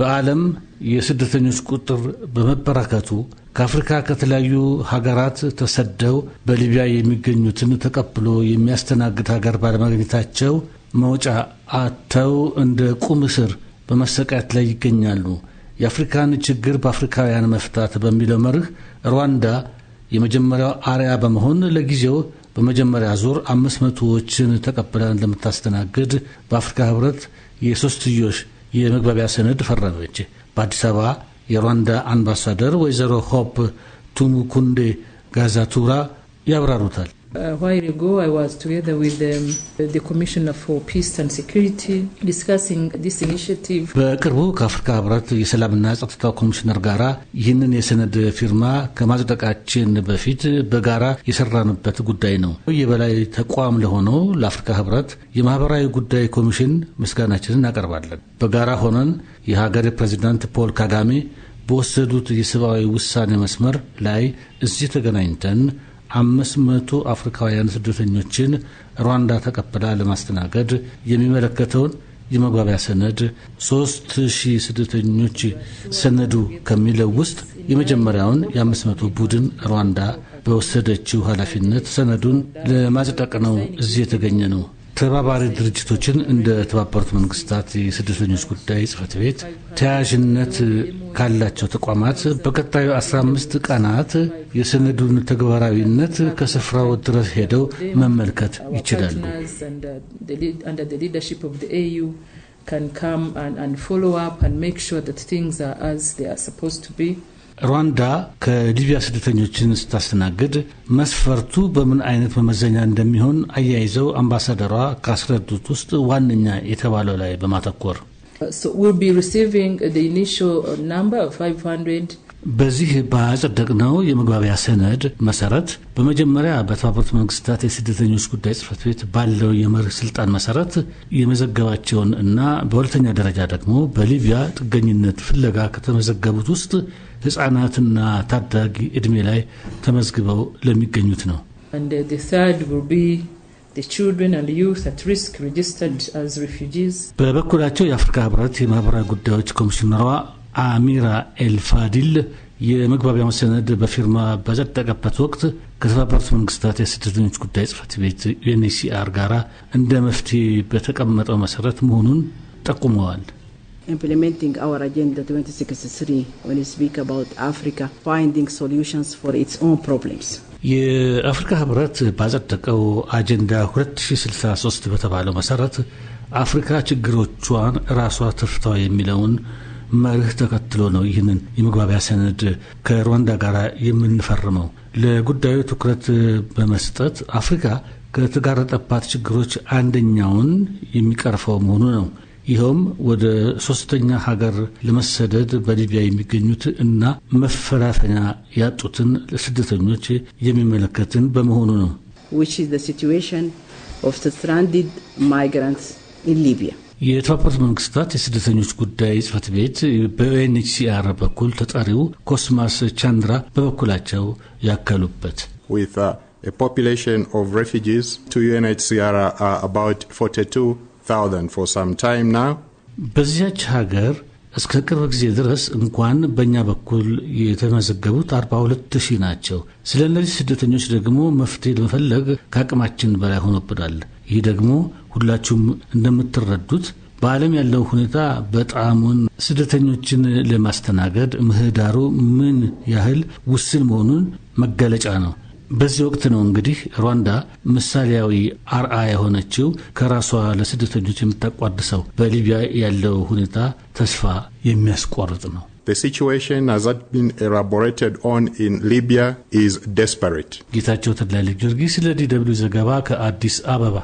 በዓለም የስደተኞች ቁጥር በመበራከቱ ከአፍሪካ ከተለያዩ ሀገራት ተሰደው በሊቢያ የሚገኙትን ተቀብሎ የሚያስተናግድ ሀገር ባለማግኘታቸው መውጫ አጥተው እንደ ቁም እስር በመሰቃየት ላይ ይገኛሉ። የአፍሪካን ችግር በአፍሪካውያን መፍታት በሚለው መርህ ሩዋንዳ የመጀመሪያው አርያ በመሆን ለጊዜው በመጀመሪያ ዙር አምስት መቶዎችን ተቀብላ እንደምታስተናግድ በአፍሪካ ህብረት የሶስትዮሽ የመግባቢያ ሰነድ ፈረመች። በአዲስ አበባ የሩዋንዳ አምባሳደር ወይዘሮ ሆፕ ቱሙኩንዴ ጋዛቱራ ያብራሩታል። Uh, while ago, I was together with um, the Commissioner for Peace and Security discussing this initiative. በቅርቡ ከአፍሪካ ህብረት የሰላምና ጸጥታ ኮሚሽነር ጋራ ይህንን የሰነድ ፊርማ ከማጽደቃችን በፊት በጋራ የሰራንበት ጉዳይ ነው። የበላይ ተቋም ለሆነው ለአፍሪካ ህብረት የማህበራዊ ጉዳይ ኮሚሽን ምስጋናችንን እናቀርባለን። በጋራ ሆነን የሀገር ፕሬዚዳንት ፖል ካጋሜ በወሰዱት የሰብአዊ ውሳኔ መስመር ላይ እዚህ ተገናኝተን አምስት መቶ አፍሪካውያን ስደተኞችን ሩዋንዳ ተቀብላ ለማስተናገድ የሚመለከተውን የመግባቢያ ሰነድ ሶስት ሺህ ስደተኞች ሰነዱ ከሚለው ውስጥ የመጀመሪያውን የአምስት መቶ ቡድን ሩዋንዳ በወሰደችው ኃላፊነት ሰነዱን ለማጽደቅ ነው እዚህ የተገኘ ነው። ተባባሪ ድርጅቶችን እንደ ተባበሩት መንግስታት የስደተኞች ጉዳይ ጽህፈት ቤት ተያያዥነት ካላቸው ተቋማት በቀጣዩ 15 ቀናት የሰነዱን ተግባራዊነት ከስፍራው ድረስ ሄደው መመልከት ይችላሉ። Can come and, and follow up and make sure that things are as they are supposed to be. ሩዋንዳ ከሊቢያ ስደተኞችን ስታስተናግድ መስፈርቱ በምን አይነት መመዘኛ እንደሚሆን አያይዘው አምባሳደሯ ካስረዱት ውስጥ ዋነኛ የተባለው ላይ በማተኮር So we'll be receiving the initial number of 500 በዚህ ባጸደቅነው የመግባቢያ ሰነድ መሰረት በመጀመሪያ በተባበሩት መንግስታት የስደተኞች ጉዳይ ጽህፈት ቤት ባለው የመርህ ስልጣን መሰረት የመዘገባቸውን እና በሁለተኛ ደረጃ ደግሞ በሊቢያ ጥገኝነት ፍለጋ ከተመዘገቡት ውስጥ ህጻናትና ታዳጊ እድሜ ላይ ተመዝግበው ለሚገኙት ነው። uh, በበኩላቸው የአፍሪካ ህብረት የማህበራዊ ጉዳዮች ኮሚሽነሯ አሚራ ኤልፋዲል የመግባቢያውን ሰነድ በፊርማ በጸደቀበት ወቅት ከተባበሩት መንግስታት የስደተኞች ጉዳይ ጽህፈት ቤት ዩኤንኤችሲአር ጋር እንደ መፍትሄ በተቀመጠው መሰረት መሆኑን ጠቁመዋል። ኢምፕሊሜንቲንግ አወር አጀንዳ 2063 ዌን ስፒክ አባውት አፍሪካ ፋይንዲንግ ሶሉሽንስ ፎር ኢትስ ኦን ፕሮብለምስ የአፍሪካ ህብረት ባጸደቀው አጀንዳ 2063 በተባለው መሰረት አፍሪካ ችግሮቿን ራሷ ትፍታው የሚለውን መርህ ተከትሎ ነው ይህንን የመግባቢያ ሰነድ ከሩዋንዳ ጋር የምንፈርመው። ለጉዳዩ ትኩረት በመስጠት አፍሪካ ከተጋረጠባት ችግሮች አንደኛውን የሚቀርፈው መሆኑ ነው። ይኸውም ወደ ሶስተኛ ሀገር ለመሰደድ በሊቢያ የሚገኙት እና መፈናፈኛ ያጡትን ስደተኞች የሚመለከትን በመሆኑ ነው። which is the situation of the stranded migrants in Libya. የተባበሩት መንግስታት የስደተኞች ጉዳይ ጽፈት ቤት በዩኤንኤችሲአር በኩል ተጠሪው ኮስማስ ቻንድራ በበኩላቸው ያከሉበት uh, በዚያች ሀገር እስከ ቅርብ ጊዜ ድረስ እንኳን በእኛ በኩል የተመዘገቡት 42 ሺህ ናቸው። ስለ እነዚህ ስደተኞች ደግሞ መፍትሄ ለመፈለግ ከአቅማችን በላይ ሆኖብናል። ይህ ደግሞ ሁላችሁም እንደምትረዱት በዓለም ያለው ሁኔታ በጣሙን ስደተኞችን ለማስተናገድ ምህዳሩ ምን ያህል ውስን መሆኑን መገለጫ ነው። በዚህ ወቅት ነው እንግዲህ ሩዋንዳ ምሳሌያዊ አርአ የሆነችው ከራሷ ለስደተኞች የምታቋድሰው በሊቢያ ያለው ሁኔታ ተስፋ የሚያስቆርጥ ነው። ጌታቸው ተድላ ጊዮርጊስ ለዲ ደብልዩ ዘገባ ከአዲስ አበባ